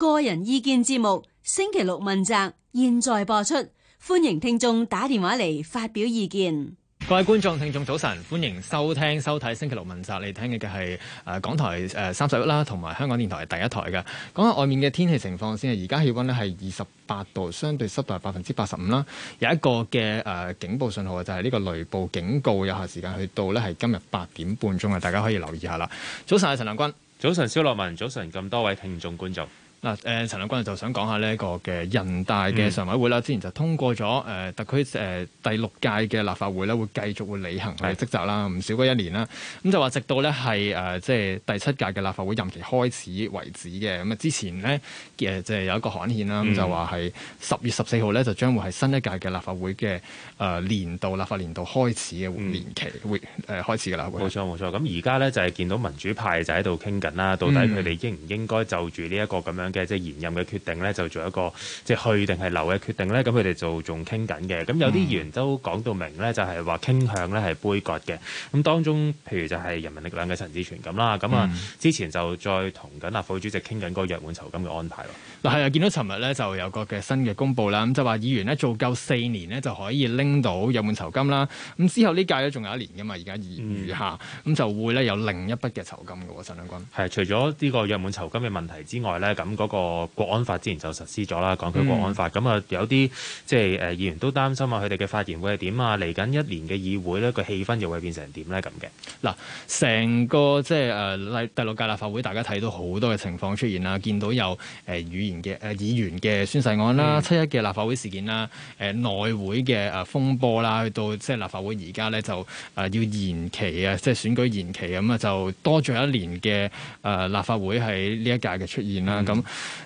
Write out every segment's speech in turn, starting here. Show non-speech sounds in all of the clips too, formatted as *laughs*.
個人意見節目星期六問責，現在播出，歡迎聽眾打電話嚟發表意見。各位觀眾、聽眾早晨，歡迎收聽、收睇星期六問責。你聽嘅嘅係誒港台誒、呃、三十一啦，同埋香港電台第一台嘅。講下外面嘅天氣情況先啊。而家氣溫呢係二十八度，相對濕度係百分之八十五啦。有一個嘅誒、呃、警報信號就係、是、呢個雷暴警告，有效時間去到呢，係今日八點半鐘啊。大家可以留意下啦。早晨啊，陳亮君，早晨，蕭樂文，早晨，咁多位聽眾觀眾。嗱，誒，陳亮君就想講下呢一個嘅人大嘅常委會啦。之前就通過咗誒特區誒第六屆嘅立法會咧，會繼續會履行佢嘅職責啦。唔少過一年啦，咁就話直到呢係誒即係第七屆嘅立法會任期開始為止嘅。咁啊，之前呢，誒即係有一個刊憲啦，咁就話係十月十四號呢，就將會係新一屆嘅立法會嘅誒年度立法年度開始嘅年期會誒開始嘅立法會。冇錯冇錯。咁而家呢，就係見到民主派就喺度傾緊啦，到底佢哋應唔應該就住呢一個咁樣嘅即係延任嘅決定咧，就做一個即係去定係留嘅決定咧，咁佢哋就仲傾緊嘅。咁有啲議員都講到明咧，就係話傾向咧係杯葛嘅。咁當中譬如就係人民力量嘅陳志全咁啦，咁啊、嗯、之前就再同緊立法會主席傾緊嗰個約滿酬金嘅安排咯。嗱係啊，見到尋日咧就有個嘅新嘅公佈啦，咁就話議員呢，做夠四年呢就可以拎到約滿酬金啦。咁之後呢屆咧仲有一年噶嘛，而家餘下咁、嗯、就會咧有另一筆嘅酬金嘅喎，陳亮君。係除咗呢個約滿酬金嘅問題之外咧，咁嗰個國安法之前就實施咗啦，港區國安法咁啊，嗯、有啲即係誒議員都擔心啊，佢哋嘅發言會係點啊？嚟緊一年嘅議會咧，個氣氛又會變成點咧？咁嘅嗱，成個即係誒第六屆立法會，大家睇到好多嘅情況出現啦，見到有誒語言嘅誒議員嘅、呃、宣誓案啦，嗯、七一嘅立法會事件啦，誒、呃、內會嘅誒、呃、風波啦，去到即係立法會而家咧就誒、呃、要延期啊，即係選舉延期咁啊，就多咗一年嘅誒、呃、立法會喺呢一屆嘅出現啦，咁、嗯。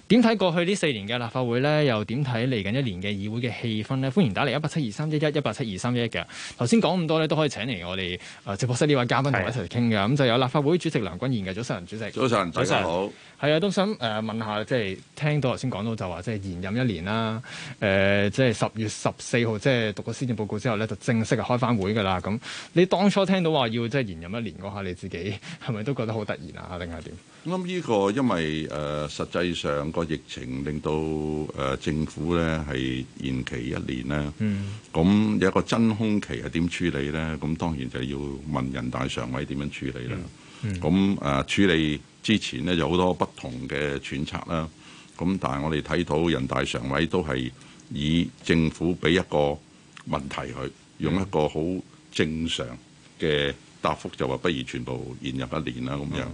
點睇過去呢四年嘅立法會咧，又點睇嚟緊一年嘅議會嘅氣氛呢？歡迎打嚟一八七二三一一一八七二三一一嘅。頭先講咁多咧，都可以請嚟我哋誒直播室呢位嘉賓同我一齊傾嘅。咁的就有立法會主席梁君彥嘅，早晨，主席。早晨，早晨好。係啊，都想誒問下，即、呃、係聽到頭先講到，就話即係延任一年啦。誒、呃，即係十月十四號，即、就、係、是、讀過施政報告之後咧，就正式係開翻會噶啦。咁你當初聽到話要即係延任一年嗰下，你自己係咪都覺得好突然啊？定係點？咁呢個因為誒、呃，實際上個疫情令到誒、呃、政府咧係延期一年啦。嗯。咁有一個真空期係點處理咧？咁當然就要問人大常委點樣處理啦。咁誒、嗯嗯呃、處理之前咧有好多不同嘅揣測啦。咁但係我哋睇到人大常委都係以政府俾一個問題去，用一個好正常嘅答覆，就話不如全部延入一年啦，咁樣。嗯。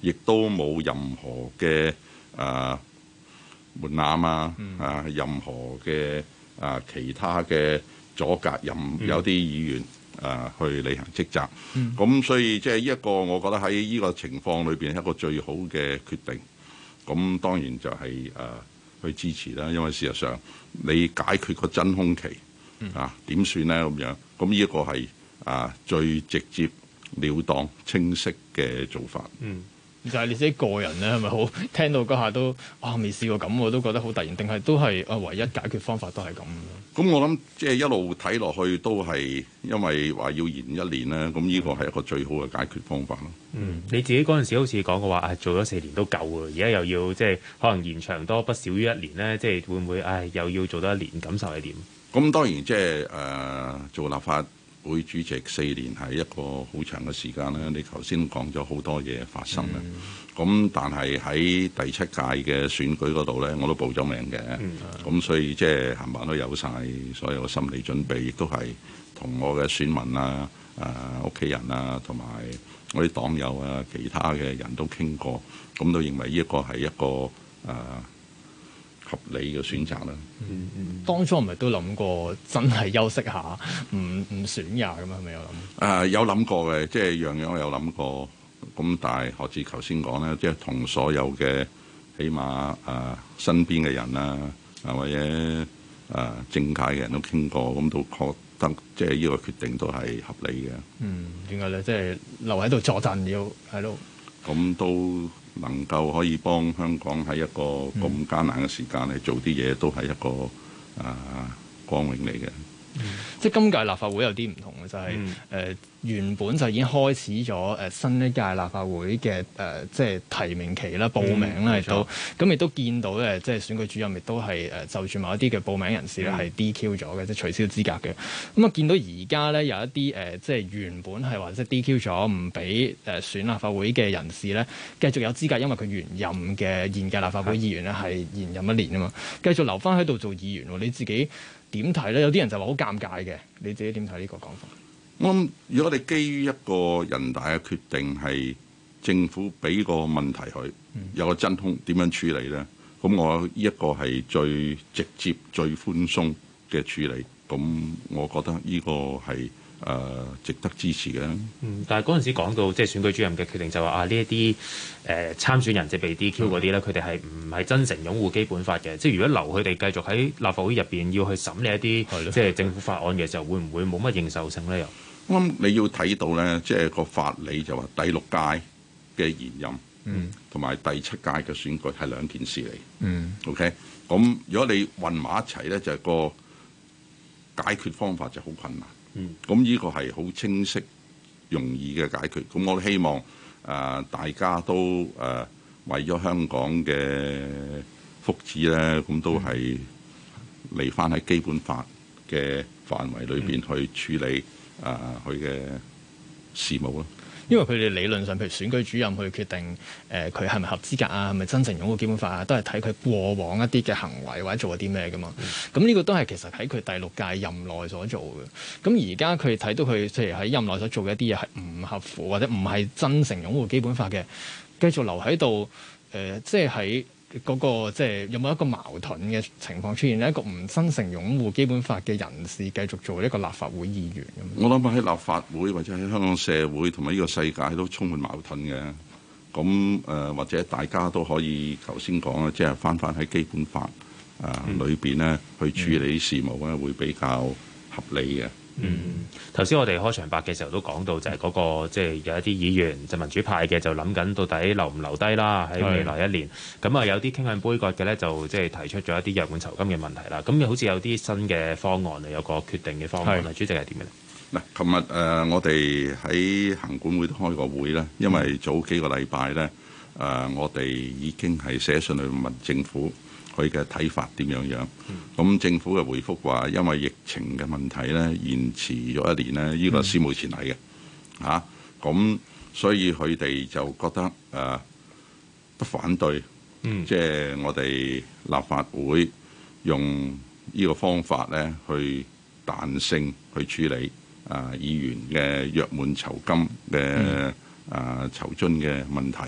亦都冇任何嘅啊、呃、門檻啊啊，任何嘅啊、呃、其他嘅阻隔，任、嗯、有啲議員啊、呃、去履行職責。咁、嗯、所以即係呢一個，我覺得喺呢個情況裏邊係一個最好嘅決定。咁當然就係、是、啊、呃、去支持啦，因為事實上你解決個真空期啊點算呢？咁樣，咁呢一個係啊、呃、最直接了當清晰嘅做法。嗯就係你自己個人咧，係咪好聽到嗰下都啊未試過咁，我都覺得好突然，定係都係啊唯一解決方法都係咁咯。咁我諗即係一路睇落去都係因為話要延一年咧，咁呢個係一個最好嘅解決方法咯。嗯，你自己嗰陣時好似講過話，啊做咗四年都夠嘅，而家又要即係、就是、可能延長多不少於一年咧，即、就、係、是、會唔會唉、哎、又要做多一年？感受係點？咁當然即係誒做立法。會主席四年係一個好長嘅時間啦。你頭先講咗好多嘢發生啦，咁、嗯、但係喺第七屆嘅選舉嗰度呢，我都報咗名嘅，咁、嗯、所以即係冚唪唥都有晒所有心理準備，亦都係同我嘅選民啊、啊屋企人啊，同埋我啲黨友啊、其他嘅人都傾過，咁都認為呢一個係一個誒。呃合理嘅選擇啦。嗯嗯，當初我咪都諗過，、啊、過，真係休息下，唔唔選呀咁啊？係咪有諗？誒有諗過嘅，即係樣樣都有諗過。咁但係，好似頭先講咧，即係同所有嘅起碼誒、呃、身邊嘅人啦、啊，或者誒、呃、政界嘅人都傾過，咁都覺得即係呢個決定都係合理嘅。嗯，點解咧？即係留喺度坐鎮要喺度。咁都、嗯、能夠可以幫香港喺一個咁艱難嘅時間嚟做啲嘢，都係一個、呃、光榮嚟嘅。嗯。即係今屆立法會有啲唔同嘅，就係、是、誒、嗯呃、原本就已經開始咗誒新一屆立法會嘅誒、呃、即係提名期啦、報名啦，都咁亦都見到咧，即係選舉主任亦都係誒就住某一啲嘅報名人士咧係 DQ 咗嘅，即係取消資格嘅。咁、嗯、啊，見到而家咧有一啲誒、呃、即係原本係話即 DQ 咗唔俾誒選立法會嘅人士咧，繼續有資格，因為佢現任嘅現屆立法會議員咧係現任，任一年啊嘛，繼續留翻喺度做議員喎，你自己點睇咧？有啲人就話好尷尬嘅，你自己點睇呢個講法？我諗、嗯，嗯、如果我哋基於一個人大嘅決定係政府俾個問題佢有個真空，點樣處理咧？咁我呢一個係最直接、最寬鬆嘅處理。咁我覺得呢個係。誒、呃，值得支持嘅。嗯，但係嗰陣時講到即係、就是、選舉主任嘅決定、就是，就話啊呢一啲誒參選人就被 DQ 嗰啲咧，佢哋係唔係真誠擁護基本法嘅？嗯、即係如果留佢哋繼續喺立法會入邊要去審理一啲，嗯、即係政府法案嘅時候，會唔會冇乜認受性咧？又咁、嗯嗯、你要睇到咧，即、就、係、是、個法理就話第六屆嘅現任，嗯，同埋第七屆嘅選舉係兩件事嚟，嗯，嗯，OK。咁如果你混埋一齊咧，就係、是、個解決，決方法就好困難。咁呢個係好清晰、容易嘅解決。咁我希望誒、呃、大家都誒、呃、為咗香港嘅福祉呢，咁都係嚟翻喺基本法嘅範圍裏邊去處理誒佢嘅事務咯。因為佢哋理論上，譬如選舉主任去決定，誒佢係咪合資格啊，係咪真誠擁護基本法啊，都係睇佢過往一啲嘅行為或者做過啲咩㗎嘛。咁呢個都係其實喺佢第六屆任內所做嘅。咁而家佢睇到佢，譬如喺任內所做嘅一啲嘢係唔合符或者唔係真誠擁護基本法嘅，繼續留喺度，誒、呃，即係喺。嗰、那個即係、就是、有冇一個矛盾嘅情況出現咧？一個唔真正擁護基本法嘅人士繼續做一個立法會議員咁？我諗喺立法會或者喺香港社會同埋呢個世界都充滿矛盾嘅。咁誒、呃，或者大家都可以頭先講啦，即係翻翻喺基本法啊裏邊咧去處理事務咧，嗯、會比較合理嘅。嗯，頭先我哋開場白嘅時候都講到就、那個，就係嗰個即係有一啲議員就是、民主派嘅就諗緊到底留唔留低啦，喺未來一年。咁啊是的 有啲傾向杯葛嘅咧，就即係提出咗一啲日半酬金嘅問題啦。咁又好似有啲新嘅方案嚟，有個決定嘅方案。的主席係點嘅咧？嗱，琴日誒我哋喺行管會開個會咧，因為早幾個禮拜咧誒，uh, 我哋已經係寫信去問政府。佢嘅睇法點樣樣？咁、嗯、政府嘅回覆話，因為疫情嘅問題呢，延遲咗一年呢，呢、這個史無前例嘅嚇。咁、嗯啊、所以佢哋就覺得誒、呃、不反對，嗯、即係我哋立法會用呢個方法呢，去彈性去處理啊、呃、議員嘅約滿酬金嘅啊、嗯呃、酬津嘅問題。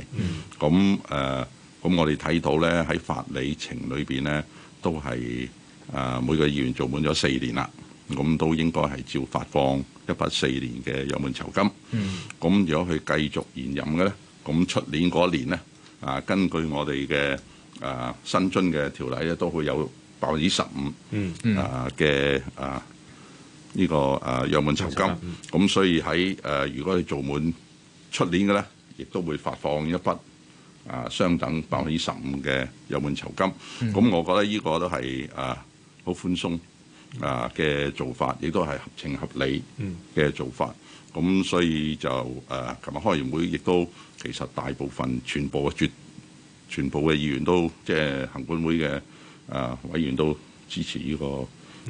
咁誒、嗯。嗯嗯呃咁我哋睇到咧喺法理程裏邊咧，都係誒、呃、每個議員做滿咗四年啦，咁都應該係照發放一筆四年嘅約滿酬金。咁、嗯、如果佢繼續延任嘅咧，咁出年嗰年咧，啊根據我哋嘅誒新津嘅條例咧，都會有百分之十五嗯，嗯啊嘅啊呢、呢個誒約滿酬金。咁、嗯嗯、所以喺誒、呃、如果佢做滿出年嘅咧，亦都會發放一筆。啊，相等百分之十五嘅有換酬金，咁、嗯、我覺得呢個都係啊好寬鬆啊嘅做法，亦都係合情合理嘅做法。咁、嗯、所以就誒，琴、啊、日開完會，亦都其實大部分全部嘅絕全部嘅議員都即係行管會嘅啊委員都支持呢、這個。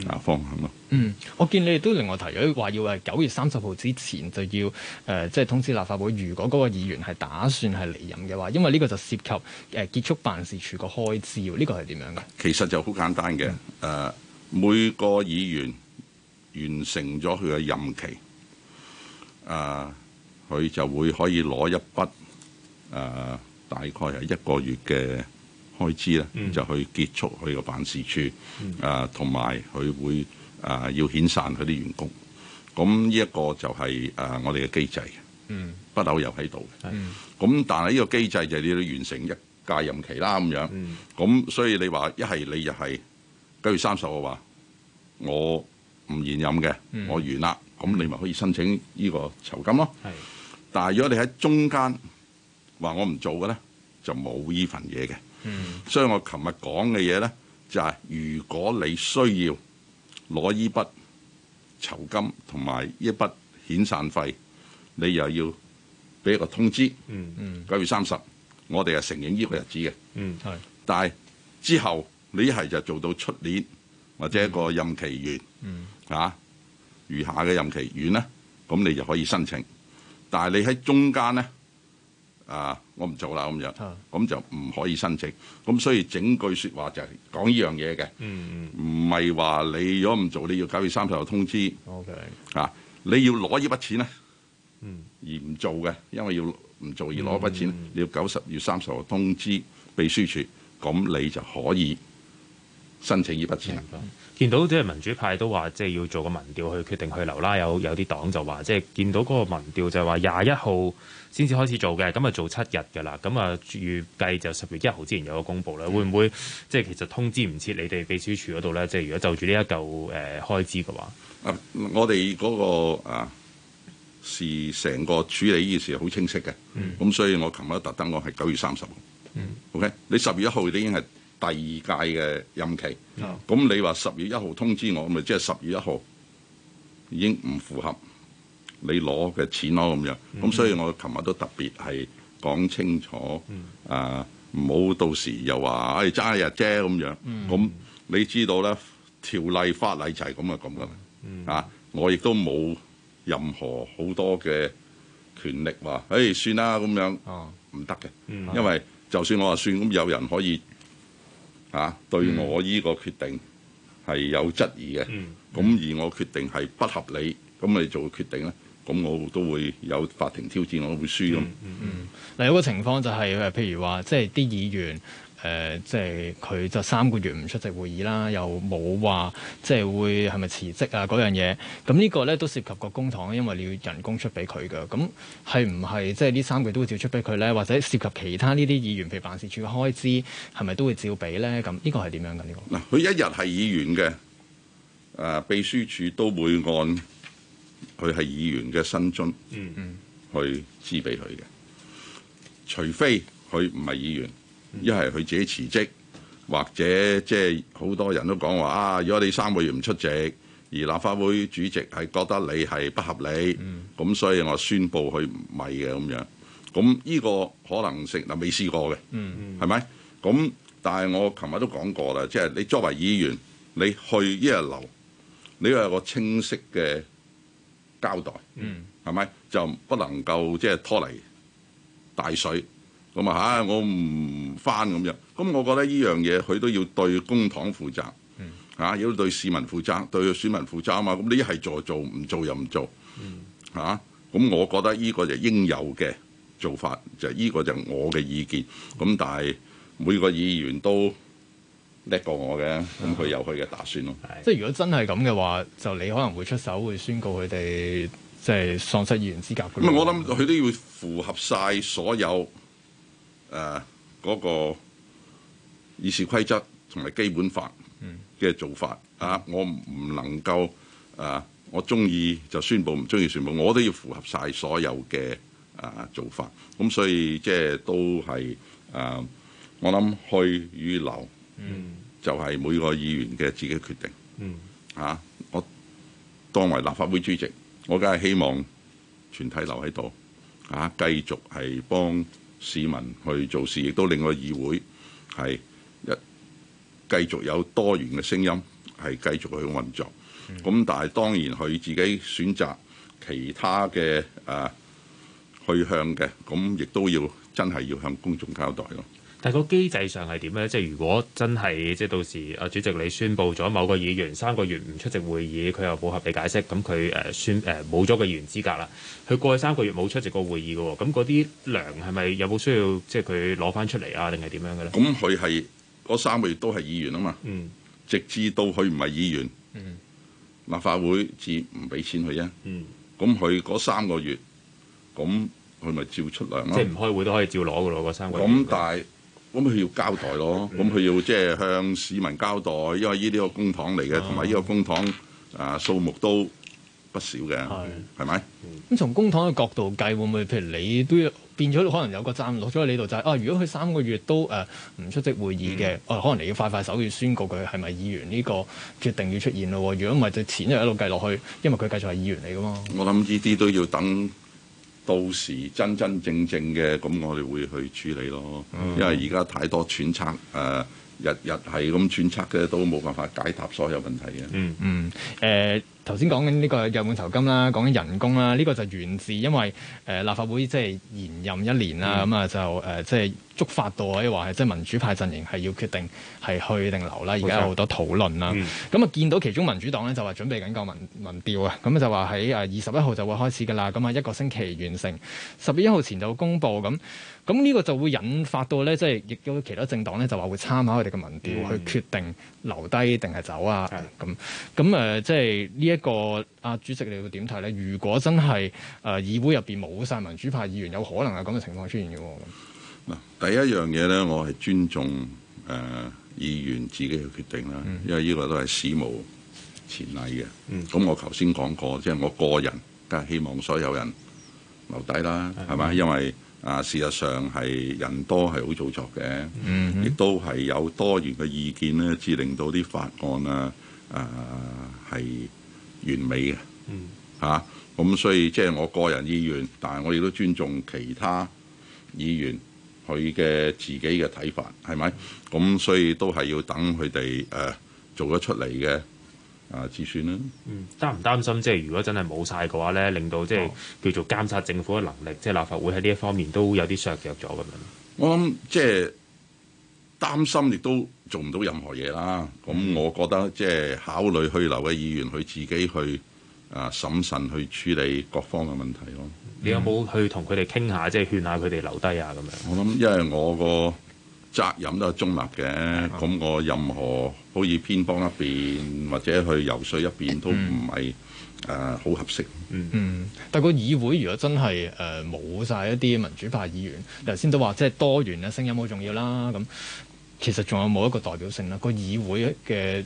啊，方向咯。嗯，嗯，我見你哋都另外提咗話要誒九月三十號之前就要誒，即、呃、係、就是、通知立法會，如果嗰個議員係打算係離任嘅話，因為呢個就涉及誒、呃、結束辦事處開、這個開支喎。呢個係點樣嘅？其實就好簡單嘅。誒、呃，每個議員完成咗佢嘅任期，啊、呃，佢就會可以攞一筆誒、呃，大概係一個月嘅。開支咧就去結束佢個辦事處，啊、嗯，同埋佢會啊、呃、要遣散佢啲員工。咁呢一個就係、是、啊、呃、我哋嘅機制，嗯、不嬲又喺度。咁、嗯、但係呢個機制就係你要完成一屆任期啦，咁樣。咁、嗯、所以你話一係你就係九月三十號話我唔連任嘅，我，嗯、我完啦，咁你咪可以申請呢個酬金咯。但係如果你喺中間話我唔做嘅咧，就冇呢份嘢嘅。Mm hmm. 所以，我琴日講嘅嘢咧，就係、是、如果你需要攞依筆酬金同埋依筆遣散費，你又要俾一個通知。嗯嗯、mm，九、hmm. 月三十，我哋係承認呢個日子嘅。嗯、mm，係、hmm.。但係之後你一係就做到出年或者一個任期完，嗯、mm hmm. 啊，餘下嘅任期完咧，咁你就可以申請。但係你喺中間咧，啊。我唔做啦，咁樣，咁就唔可以申請。咁所以整句説話就係講呢樣嘢嘅，唔係話你如果唔做，你要九月三十號通知。O K，嚇，你要攞呢筆錢咧，嗯、而唔做嘅，因為要唔做而攞筆錢，嗯、你要九十要三十號通知秘書處，咁你就可以。申請呢筆錢，見到即係民主派都話，即係要做個民調去決定去留啦。有有啲黨就話，即係見到嗰個民調就係話廿一號先至開始做嘅，咁啊做七日嘅啦，咁啊預計就十月一號之前有個公佈啦。會唔會即係其實通知唔切？你哋秘書處嗰度咧，即係如果就住呢一嚿誒開支嘅話啊、那個，啊，我哋嗰個啊事成個處理呢件事係好清晰嘅。嗯，咁所以我琴日特登我係九月三十號，嗯，OK，你十月一號已經係。第二屆嘅任期，咁、mm hmm. 你話十月一號通知我，咪即係十月一號已經唔符合你攞嘅錢咯咁樣。咁、mm hmm. 所以，我琴日都特別係講清楚啊，唔好、mm hmm. 呃、到時又話誒，爭、哎、一日啫咁樣。咁、mm hmm. 你知道咧，條例法例就係咁啊，咁噶啦啊。我亦都冇任何好多嘅權力話，誒算啦咁樣，唔得嘅，因為就算我話算，咁有，有人可以。嚇對我呢個決定係有質疑嘅，咁、嗯、而我決定係不合理，咁你做決定呢，咁我都會有法庭挑戰，我都會輸咁、嗯。嗯嗯嗯，另一個情況就係、是、譬如話即係啲議員。誒、呃，即係佢就三個月唔出席會議啦，又冇話即係會係咪辭職啊嗰樣嘢。咁呢個咧都涉及個公帑，因為你要人工出俾佢嘅。咁係唔係即係呢三個月都會照出俾佢咧？或者涉及其他呢啲議員譬如辦事處嘅開支，係咪都會照俾咧？咁呢個係點樣嘅呢個？嗱，佢一日係議員嘅，誒、呃，秘書處都會按佢係議員嘅薪津，嗯嗯，去支俾佢嘅，除非佢唔係議員。一係佢自己辭職，或者即係好多人都講話啊！如果你三個月唔出席，而立法會主席係覺得你係不合理，咁、嗯、所以我宣布佢唔係嘅咁樣。咁呢個可能性嗱未試過嘅，係、就、咪、是？咁但係我琴日都講過啦，即係你作為議員，你去一日流，你要有個清晰嘅交代，係咪、嗯、就不能夠即係、就是、拖泥帶水？咁啊！我唔翻咁樣，咁、嗯、我覺得呢樣嘢佢都要對公帑負責，嚇、啊，要對市民負責，對選民負責啊嘛！咁你一係做做，唔做又唔做，嚇、嗯！咁、啊嗯、我覺得呢個就應有嘅做法，就呢、是、個就我嘅意見。咁、嗯、但係每個議員都叻過我嘅，咁佢有佢嘅打算咯。即係、啊、如果真係咁嘅話，就你可能會出手，會宣告佢哋即係喪失議員資格。唔、嗯、我諗佢都要符合晒所有。誒嗰、啊那個議事規則同埋基本法嘅做法、嗯、啊，我唔能夠啊，我中意就宣佈，唔中意宣佈，我都要符合晒所有嘅啊做法。咁、啊、所以即係都係啊，我諗去與留就係每個議員嘅自己決定。嗯、啊，我當為立法會主席，我梗係希望全體留喺度啊，繼續係幫市民去做事，亦都令我議會係一繼續有多元嘅聲音，係繼續去運作。咁、嗯、但係當然佢自己選擇其他嘅誒、呃、去向嘅，咁亦都要真係要向公眾交代咯。但係個機制上係點咧？即係如果真係即係到時啊，主席你宣布咗某個議員三個月唔出席會議，佢又冇合理解釋，咁佢誒宣誒冇咗個議員資格啦。佢過去三個月冇出席過會議嘅喎，咁嗰啲糧係咪有冇需要即係佢攞翻出嚟啊？定係點樣嘅咧？咁佢係嗰三個月都係議員啊嘛。嗯、直至到佢唔係議員。嗯、立法會至唔俾錢佢啊。嗯、咁佢嗰三個月，咁佢咪照出糧咯、啊？即係唔開會都可以照攞嘅咯，嗰三個月但。咁但係。咁佢要交代咯，咁佢要即係向市民交代，因為依啲個公帑嚟嘅，同埋呢個公帑啊、呃、數目都不少嘅，係咪？咁從公帑嘅角度計，會唔會譬如你都要變咗可能有個站落咗喺你度就係、是、啊？如果佢三個月都誒唔、啊、出席會議嘅，我、嗯啊、可能你要快快手要宣告佢係咪議員呢個決定要出現咯？如果唔係，對錢就一路計落去，因為佢繼續係議員嚟噶嘛。我諗呢啲都要等。到時真真正正嘅，咁我哋會去處理咯。嗯、因為而家太多揣測，誒日日係咁揣測嘅，都冇辦法解答所有問題嘅、嗯。嗯嗯誒。呃頭先講緊呢個約滿酬金啦，講緊人工啦，呢個就源自因為誒立法會即係延任一年啦，咁啊就誒即係觸發到可以話係即係民主派陣營係要決定係去定留啦。而家有好多討論啦，咁啊見到其中民主黨咧就話準備緊個民民調啊，咁就話喺誒二十一號就會開始㗎啦，咁啊一個星期完成，十月一號前就公佈咁。咁呢個就會引發到咧即係亦都其他政黨咧就話會參考佢哋嘅民調去決定留低定係走啊。咁咁誒即係呢一個阿、啊、主席，你會點睇咧？如果真係誒、呃、議會入邊冇晒民主派議員，有可能係咁嘅情況出現嘅喎、哦。嗱，第一樣嘢咧，我係尊重誒、呃、議員自己嘅決定啦，因為呢個都係史無前例嘅。咁、嗯、我頭先講過，即、就、係、是、我個人嘅希望，所有人留底啦，係咪、嗯？因為啊、呃，事實上係人多係好做作嘅，亦都係有多元嘅意見呢，至令到啲法案啊誒係。呃完美嘅，嚇咁、嗯啊、所以即係我個人意願，但係我亦都尊重其他議員佢嘅自己嘅睇法，係咪？咁所以都係要等佢哋誒做得出嚟嘅啊之算啦至算啦。嗯，擔唔擔心即係如果真係冇晒嘅話咧，令到即係、哦、叫做監察政府嘅能力，即係立法會喺呢一方面都有啲削弱咗咁樣。我諗、嗯、即係。擔心亦都做唔到任何嘢啦，咁、嗯、我覺得即係、就是、考慮去留嘅議員，佢自己去啊、呃、審慎去處理各方嘅問題咯。你有冇去同佢哋傾下，即、就、係、是、勸下佢哋留低啊？咁樣、嗯、我諗，因為我個責任都係中立嘅，咁、嗯、我任何可以偏幫一邊或者去游說一邊都唔係誒好合適。嗯嗯，但個議會如果真係誒冇晒一啲民主派議員，頭先都話即係多元嘅聲音好重要啦，咁。其實仲有冇一個代表性咧？個議會嘅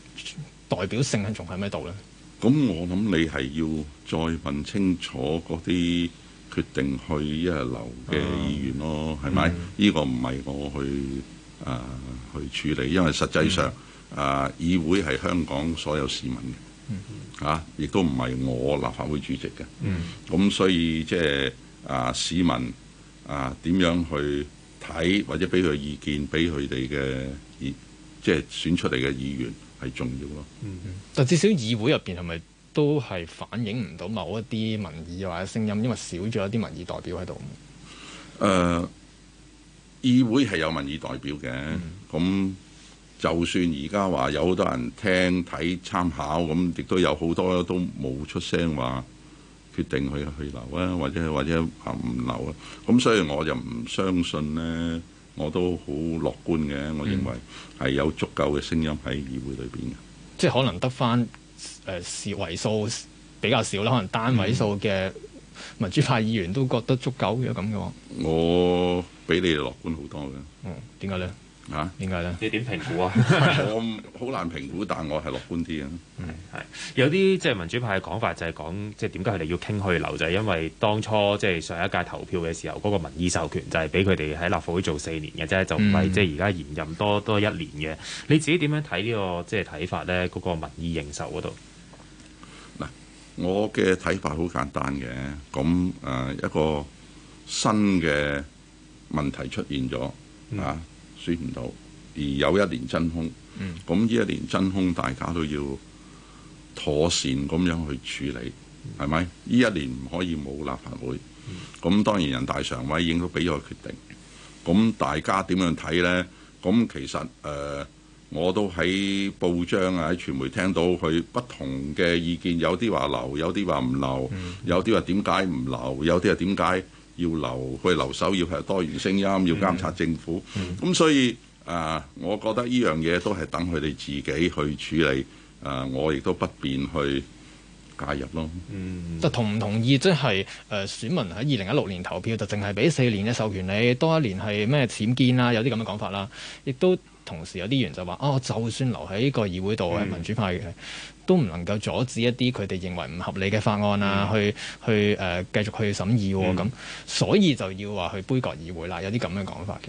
代表性係仲喺咩度呢？咁我諗你係要再問清楚嗰啲決定去一流嘅議員咯，係咪？呢個唔係我去啊、呃、去處理，因為實際上啊、嗯呃，議會係香港所有市民嘅，嚇、嗯，亦、嗯啊、都唔係我立法會主席嘅。咁、嗯嗯、所以即係啊，市民啊點、呃、樣去？睇或者俾佢意見，俾佢哋嘅意，即係選出嚟嘅議員係重要咯、嗯。嗯，但至少議會入邊係咪都係反映唔到某一啲民意或者聲音？因為少咗一啲民意代表喺度。誒、呃，議會係有民意代表嘅。咁、嗯、就算而家話有好多人聽睇參考，咁亦都有好多都冇出聲話。決定去去留啊，或者或者唔留啊，咁所以我就唔相信咧，我都好樂觀嘅。嗯、我認為係有足夠嘅聲音喺議會裏邊嘅，即係可能得翻誒十位數比較少啦，可能單位數嘅民主派議員都覺得足夠嘅咁嘅。我比你樂觀好多嘅。嗯，點解咧？嚇？點解咧？你點評估啊？ *laughs* *laughs* 我好難評估，但我係樂觀啲嘅。嗯，係有啲即係民主派嘅講法就，就係講即係點解佢哋要傾去留，就係、是、因為當初即係、就是、上一屆投票嘅時候，嗰、那個民意授權就係俾佢哋喺立法會做四年嘅啫，就唔係即係而家延任多、嗯、多一年嘅。你自己點樣睇呢、這個即係睇法呢？嗰、那個民意認受嗰度嗱，我嘅睇法好簡單嘅。咁誒、呃，一個新嘅問題出現咗、嗯、啊！轉唔到，而有一年真空，咁呢、嗯、一年真空大家都要妥善咁樣去處理，係咪、嗯？呢一年唔可以冇立法會，咁、嗯、當然人大常委已經都俾咗個決定，咁大家點樣睇咧？咁其實，誒、呃，我都喺報章啊，喺傳媒聽到佢不同嘅意見，有啲話留，有啲話唔留，有啲話點解唔留，有啲又點解？要留去留守，要係多元聲音，要監察政府。咁、嗯嗯、所以啊、呃，我覺得呢樣嘢都係等佢哋自己去處理。啊、呃，我亦都不便去介入咯。嗯， *noise* 同唔同意即係誒選民喺二零一六年投票就淨係俾四年嘅授權你，多一年係咩僭建啦、啊？有啲咁嘅講法啦。亦都同時有啲人就話：哦、啊，就算留喺個議會度係民主派嘅。嗯嗯都唔能夠阻止一啲佢哋認為唔合理嘅法案啊，嗯、去去誒、呃、繼續去審議喎、啊。咁、嗯、所以就要話去杯葛議會啦。有啲咁嘅講法嘅。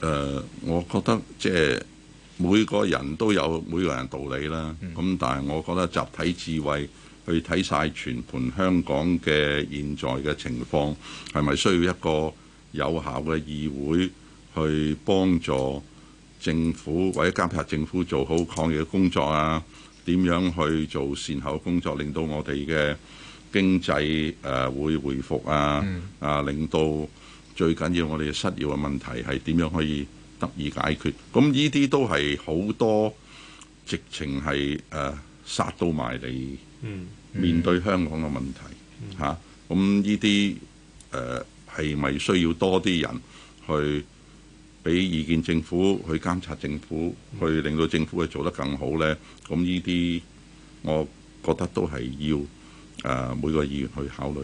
誒、呃，我覺得即係每個人都有每個人道理啦。咁、嗯、但係我覺得集體智慧去睇晒全盤香港嘅現在嘅情況，係咪需要一個有效嘅議會去幫助政府或者監察政府做好抗疫嘅工作啊？點樣去做善後工作，令到我哋嘅經濟誒、呃、會回復啊？嗯、啊，令到最緊要我哋嘅失業嘅問題係點樣可以得以解決？咁呢啲都係好多直情係誒殺到埋你、嗯嗯、面對香港嘅問題嚇。咁呢啲誒係咪需要多啲人去？俾意見政府，去監察政府，去令到政府去做得更好呢。咁呢啲，我覺得都係要誒、呃、每個議員去考慮。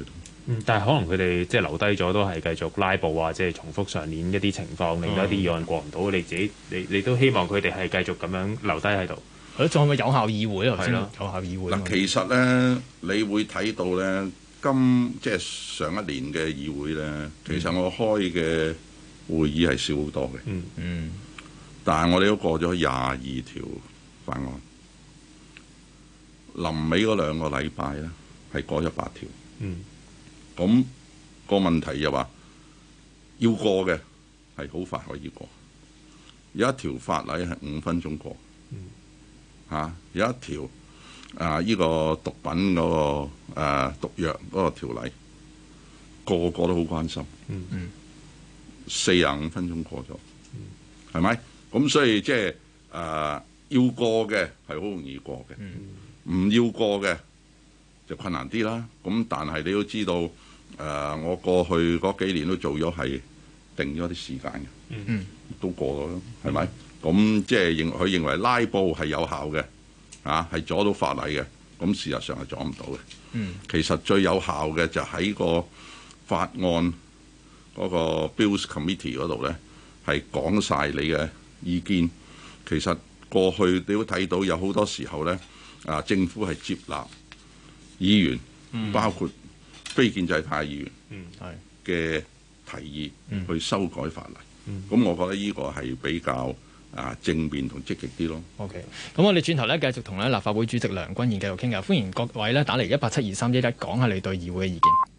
嗯，但係可能佢哋即係留低咗，都係繼續拉布啊！即係重複上年一啲情況，令到一啲議案過唔到。嗯、你自己你你都希望佢哋係繼續咁樣留低喺度。佢仲有冇有效議會啊？係咯，有效議會。嗱，其實呢，你會睇到呢，今即係上一年嘅議會呢，其實我開嘅，嗯會議係少好多嘅，嗯嗯，但係我哋都過咗廿二條法案，臨尾嗰兩個禮拜咧係過咗八條，嗯，咁個,、嗯、個問題就話、係、要過嘅係好快可以過，有一條法例係五分鐘過，嗯，有、啊、一條啊呢個毒品嗰、嗰個、呃、毒藥嗰個條例，個個都好關心，嗯嗯。嗯四十五分鐘過咗，係咪、嗯？咁所以即係誒要過嘅係好容易過嘅，唔、嗯、要過嘅就困難啲啦。咁但係你都知道誒、呃，我過去嗰幾年都做咗係定咗啲時間嘅，嗯、都過咗啦，係咪、嗯？咁即係認佢認為拉布係有效嘅，啊係阻到法例嘅，咁事實上係阻唔到嘅。嗯嗯、其實最有效嘅就喺個法案。嗰個 Bills Committee 嗰度呢，係講晒你嘅意見。其實過去你都睇到有好多時候呢，啊政府係接納議員，嗯、包括非建制派議員嘅提議，嗯、去修改法例。咁、嗯、我覺得呢個係比較啊正面同積極啲咯。OK，咁我哋轉頭呢，繼續同咧立法會主席梁君彥繼續傾偈。歡迎各位呢，打嚟一八七二三一一講下你對議會嘅意見。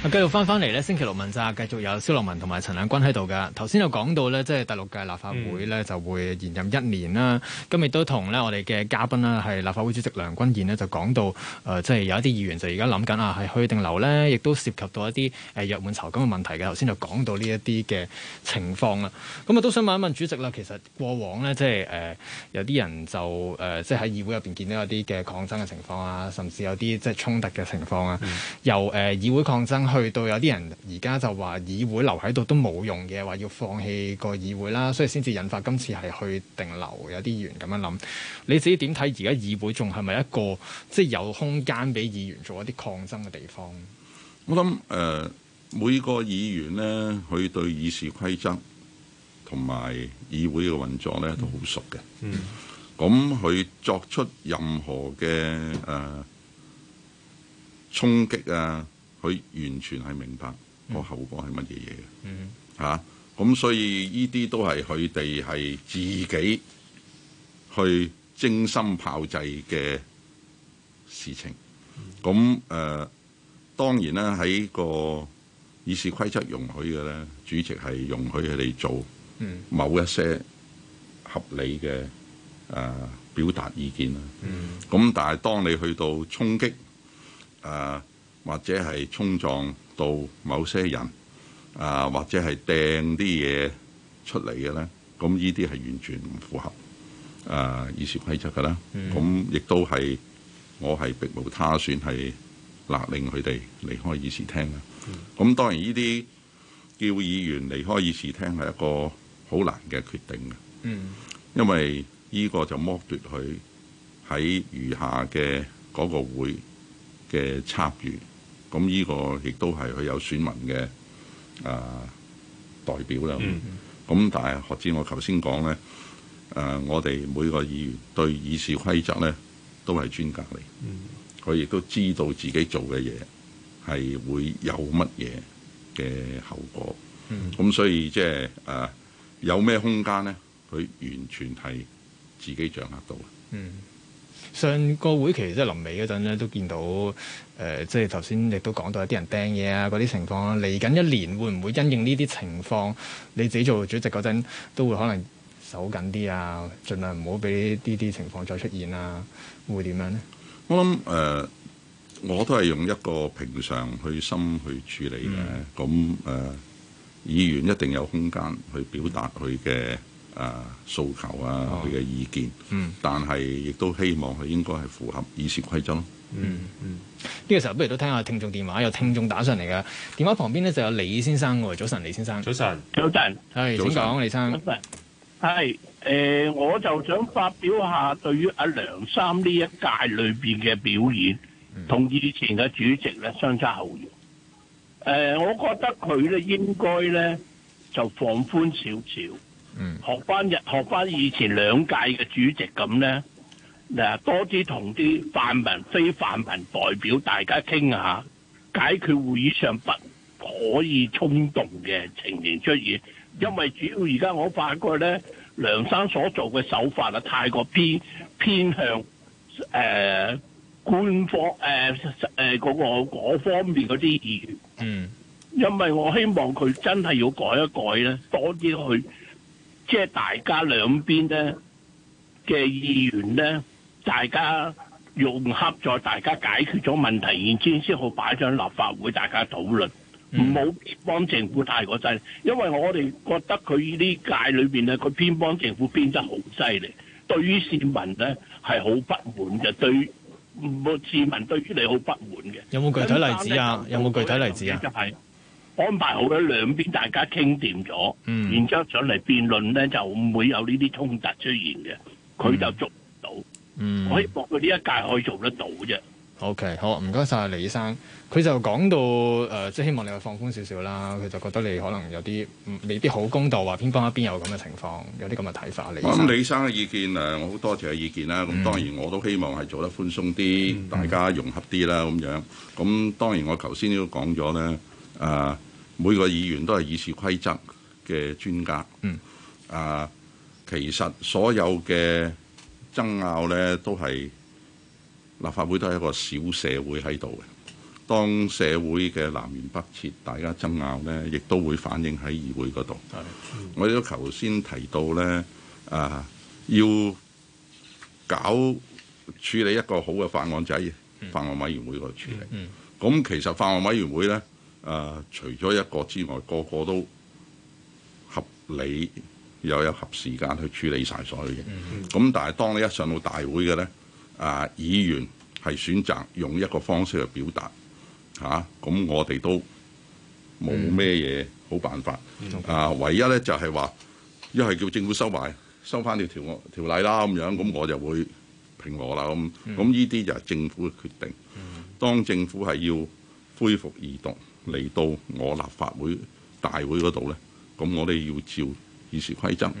繼續翻翻嚟咧，星期六問責繼續有蕭亮文同埋陳亮君喺度㗎。頭先就講到咧，即係第六屆立法會咧就會延任一年啦。咁亦都同咧我哋嘅嘉賓啦，係立法會主席梁君彥呢，就講到，誒即係有一啲議員就而家諗緊啊，係去定留咧，亦都涉及到一啲誒約滿酬金嘅問題嘅。頭先就講到呢一啲嘅情況啦。咁啊，都想問一問主席啦，其實過往呢，即係誒、呃、有啲人就誒即係喺議會入邊見到有啲嘅抗爭嘅情況啊，甚至有啲即係衝突嘅情況啊，由誒、呃、議會抗爭。去到有啲人而家就話議會留喺度都冇用嘅，話要放棄個議會啦，所以先至引發今次係去定留，有啲議員咁樣諗。你自己點睇？而家議會仲係咪一個即係、就是、有空間俾議員做一啲抗爭嘅地方？我諗誒、呃、每個議員呢，佢對議事規則同埋議會嘅運作呢都好熟嘅。嗯，咁佢作出任何嘅誒、呃、衝擊啊，佢完全係明白個、mm hmm. 後果係乜嘢嘢嘅嚇，咁、mm hmm. 啊、所以呢啲都係佢哋係自己去精心炮製嘅事情。咁誒、mm hmm. 啊，當然啦，喺個議事規則容許嘅咧，主席係容許佢哋做某一些合理嘅誒表達意見啦。咁、mm hmm. 啊、但係當你去到衝擊誒。啊或者係衝撞到某些人啊、呃，或者係掟啲嘢出嚟嘅咧，咁呢啲係完全唔符合誒、呃、議事規則嘅啦。咁亦都係我係別無他選，係勒令佢哋離開議事廳啦。咁、嗯、當然呢啲叫議員離開議事廳係一個好難嘅決定嘅，嗯、因為呢個就剝奪佢喺餘下嘅嗰個會嘅參與。咁呢個亦都係佢有選民嘅啊、呃、代表啦。咁、mm hmm. 但係，學知我頭先講咧，誒、呃，我哋每個議員對議事規則咧都係專家嚟，佢亦、mm hmm. 都知道自己做嘅嘢係會有乜嘢嘅後果。咁、mm hmm. 嗯、所以即係誒，有咩空間咧？佢完全係自己掌握到。Mm hmm. 上個會期，即係臨尾嗰陣咧，都見到誒、呃，即係頭先亦都講到一啲人掟嘢啊，嗰啲情況啦。嚟緊一年會唔會因應呢啲情況，你自己做主席嗰陣都會可能守緊啲啊，盡量唔好俾呢啲情況再出現啊，會點樣呢？我諗誒、呃，我都係用一個平常去心去處理嘅。咁誒、mm hmm. 呃，議員一定有空間去表達佢嘅。啊，訴、呃、求啊，佢嘅意見，哦、嗯，但係亦都希望佢應該係符合議事規則咯。嗯嗯，呢個時候不如都聽下聽眾電話，有聽眾打上嚟噶。電話旁邊呢就有李先生喎，早晨，李先生，早晨，是早晨，唉，早晨，李生，早晨，係誒，我就想發表下對於阿梁生呢一屆裏邊嘅表演，同、嗯、以前嘅主席咧相差好遠。誒、呃，我覺得佢咧應該咧就放寬少少。嗯、學翻日，學翻以前兩屆嘅主席咁咧，嗱多啲同啲泛民、非泛民代表大家傾下，解決會議上不可以衝動嘅情形出現。因為主要而家我發覺咧，梁生所做嘅手法啊太過偏偏向誒、呃、官方誒誒嗰個方面嗰啲意見。嗯，因為我希望佢真係要改一改咧，多啲去。即係大家兩邊咧嘅議員咧，大家融合咗，大家解決咗問題，然之後先好擺上立法會大家討論。唔好幫、嗯、政府太過制，因為我哋覺得佢呢屆裏邊咧，佢偏幫政府，偏得好犀利。對於市民咧，係好不滿嘅。對，唔好市民對於你好不滿嘅。有冇具體例子啊？嗯、有冇具體例子啊？安排好咗，兩邊大家傾掂咗，嗯，然之後上嚟辯論咧就唔會有呢啲衝突出現嘅，佢就捉唔到，嗯，可以搏到呢一屆可以做得到啫。OK，好唔該晒李生，佢就講到誒，即係希望你放寬少少啦。佢就覺得你可能有啲唔未必好公道，話偏幫一邊有咁嘅情況，有啲咁嘅睇法。李生，咁李生嘅意見誒，我好多謝意見啦。咁當然我都希望係做得寬鬆啲，大家融合啲啦咁樣。咁當然我頭先都講咗咧，啊。每個議員都係議事規則嘅專家。嗯。啊，其實所有嘅爭拗呢，都係立法會都係一個小社會喺度嘅。當社會嘅南轅北轍，大家爭拗呢，亦都會反映喺議會嗰度。嗯、我哋都頭先提到呢，啊，要搞處理一個好嘅法案就喺、嗯、法案委員會度處理。嗯。咁、嗯嗯嗯、其實法案委員會呢。誒、呃、除咗一個之外，個個都合理又有合時間去處理晒所有嘢。咁、mm hmm. 但係當你一上到大會嘅咧，啊、呃、議員係選擇用一個方式去表達嚇，咁、啊、我哋都冇咩嘢好辦法啊、mm hmm. 呃！唯一咧就係話一係叫政府收埋收返條條條例啦，咁樣咁我就會平和啦。咁咁呢啲就係政府嘅決定。Mm hmm. 當政府係要恢復移動。嚟到我立法會大會嗰度咧，咁我哋要照議事規則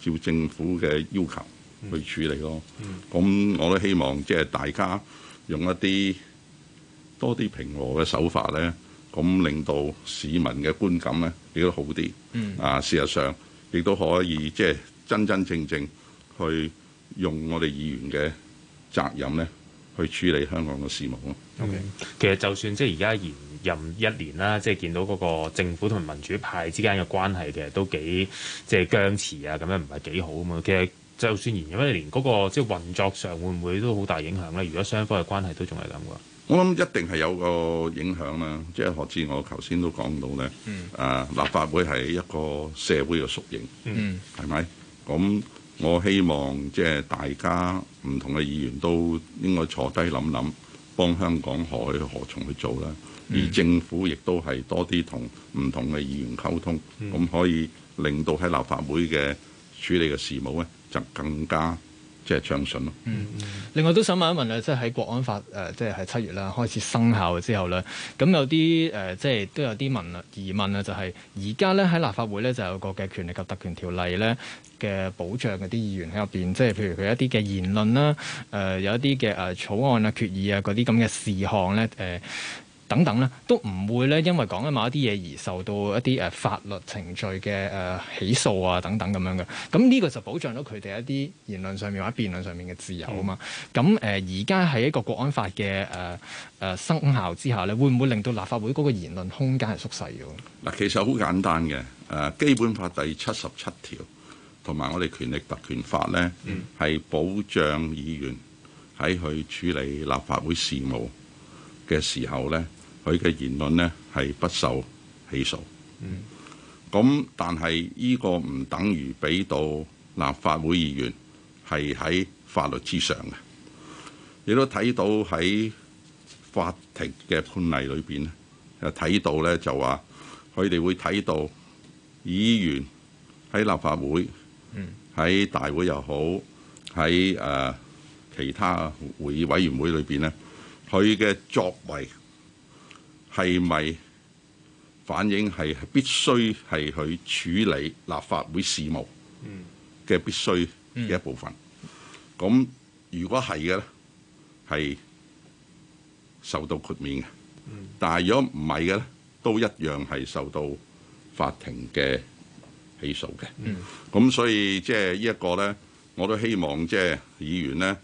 照政府嘅要求去處理咯。咁、嗯嗯、我都希望即係大家用一啲多啲平和嘅手法咧，咁令到市民嘅觀感咧亦都好啲。嗯、啊，事實上亦都可以即係真真正正去用我哋議員嘅責任咧去處理香港嘅事務。咯、嗯。OK，其實就算即係而家議員。任一年啦，即係見到嗰個政府同民主派之間嘅關係嘅都幾即係僵持啊，咁樣唔係幾好啊嘛。其實就算任一年，因為連嗰、那個即係運作上會唔會都好大影響咧？如果雙方嘅關係都仲係咁嘅，我諗一定係有個影響啦。即係好似我頭先都講到咧，嗯、啊立法會係一個社會嘅縮影，係咪、嗯？咁我希望即係大家唔同嘅議員都應該坐低諗諗。幫香港何去何從去做啦，嗯、而政府亦都係多啲同唔同嘅議員溝通，噉、嗯、可以令到喺立法會嘅處理嘅事務咧就更加。即係暢順咯。嗯嗯，另外都想問一問啊，即係喺《國安法》誒，即係喺七月啦開始生效之後咧，咁有啲誒、呃，即係都有啲問疑問啊、就是，就係而家咧喺立法會咧就有個嘅權力及特權條例咧嘅保障嗰啲議員喺入邊，即係譬如佢一啲嘅言論啦，誒、呃、有一啲嘅誒草案啊、決議啊嗰啲咁嘅事項咧誒。呃等等咧，都唔會咧，因為講緊某一啲嘢而受到一啲誒、呃、法律程序嘅誒、呃、起訴啊等等咁樣嘅。咁呢個就保障咗佢哋一啲言論上面或者辯論上面嘅自由啊嘛。咁誒而家喺一個國安法嘅誒誒生效之下咧，會唔會令到立法會嗰個言論空間係縮細嘅？嗱，其實好簡單嘅。誒《基本法》第七十七條同埋我哋《權力特權法》呢，係、嗯、保障議員喺去處理立法會事務。嘅時候呢，佢嘅言論呢係不受起訴。嗯，咁但係呢個唔等於俾到立法會議員係喺法律之上嘅。你都睇到喺法庭嘅判例裏邊呢，又睇到呢就話佢哋會睇到議員喺立法會，喺、嗯、大會又好，喺誒、呃、其他會議委員會裏邊呢。佢嘅作為係咪反映係必須係去處理立法會事務嘅必須嘅一部分？咁、嗯、如果係嘅咧，係受到豁免嘅；但係如果唔係嘅咧，都一樣係受到法庭嘅起訴嘅。咁、嗯、所以即係、這個、呢一個咧，我都希望即係議員咧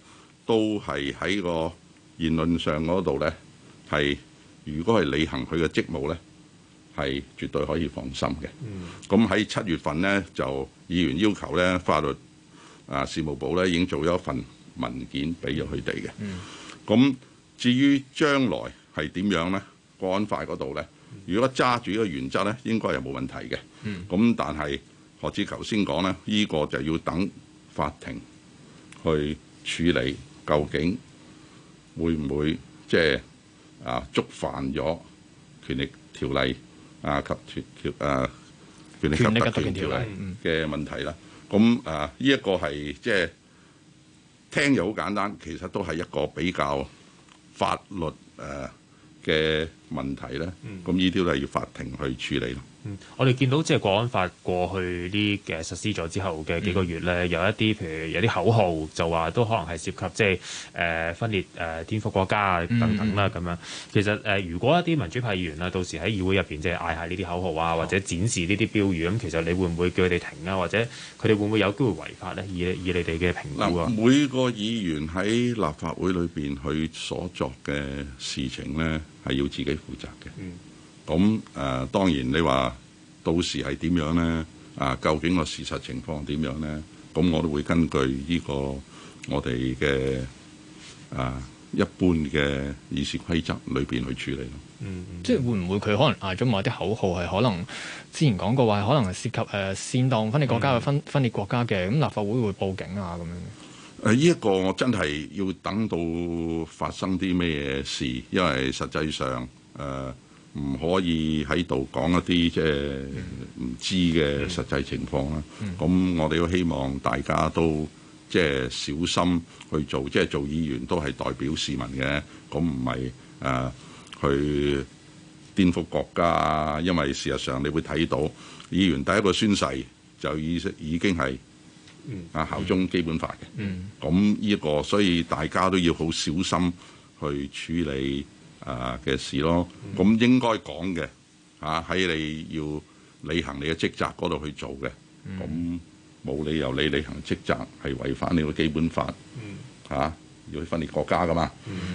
都係喺個。言論上嗰度呢，係如果係履行佢嘅職務呢，係絕對可以放心嘅。咁喺、嗯、七月份呢，就議員要求呢，法律啊、呃、事務部呢已經做咗一份文件俾咗佢哋嘅。咁、嗯、至於將來係點樣呢？國安法嗰度呢，嗯、如果揸住呢個原則呢，應該係冇問題嘅。咁、嗯、但係何志頭先講呢，呢、呢個就要等法庭去處理究竟。會唔會即係啊觸犯咗權力條例啊及特權條啊權力及特權條例嘅問題啦？咁啊，呢、這、一個係即係聽又好簡單，其實都係一個比較法律誒嘅、啊、問題咧。咁呢啲都係要法庭去處理。嗯，我哋見到即係《國安法》過去呢嘅實施咗之後嘅幾個月咧，嗯、有一啲譬如有啲口號就話都可能係涉及即係誒分裂誒顛、呃、覆國家啊等等啦咁、嗯、樣。其實誒、呃，如果一啲民主派議員啊，到時喺議會入邊即係嗌下呢啲口號啊，嗯、或者展示呢啲標語咁，其實你會唔會叫佢哋停啊？或者佢哋會唔會有機會違法咧？以以你哋嘅評估啊，每個議員喺立法會裏邊佢所作嘅事情咧係要自己負責嘅。嗯咁誒、嗯，當然你話到時係點樣呢？啊，究竟個事實情況點樣呢？咁我都會根據呢個我哋嘅啊一般嘅議事規則裏邊去處理咯、嗯。嗯，即係會唔會佢可能嗌咗某啲口號係可能之前講過話可能涉及誒煽動分裂國家嘅分分裂國家嘅咁，嗯、立法會會，會報警啊咁樣？誒、啊，依、這、一個我真係要等到發生啲咩事，因為實際上誒。呃唔可以喺度講一啲即係唔知嘅實際情況啦。咁、mm. 我哋都希望大家都即係、就是、小心去做，即、就、係、是、做議員都係代表市民嘅。咁唔係誒去顛覆國家，因為事實上你會睇到議員第一個宣誓就已已經係啊效忠基本法嘅。咁呢、mm. 這個所以大家都要好小心去處理。啊嘅事咯，咁應該講嘅，吓、啊，喺你要履行你嘅職責嗰度去做嘅，咁冇、嗯、理由你履行職責係違反你嘅基本法，吓、嗯。啊要分裂國家噶嘛？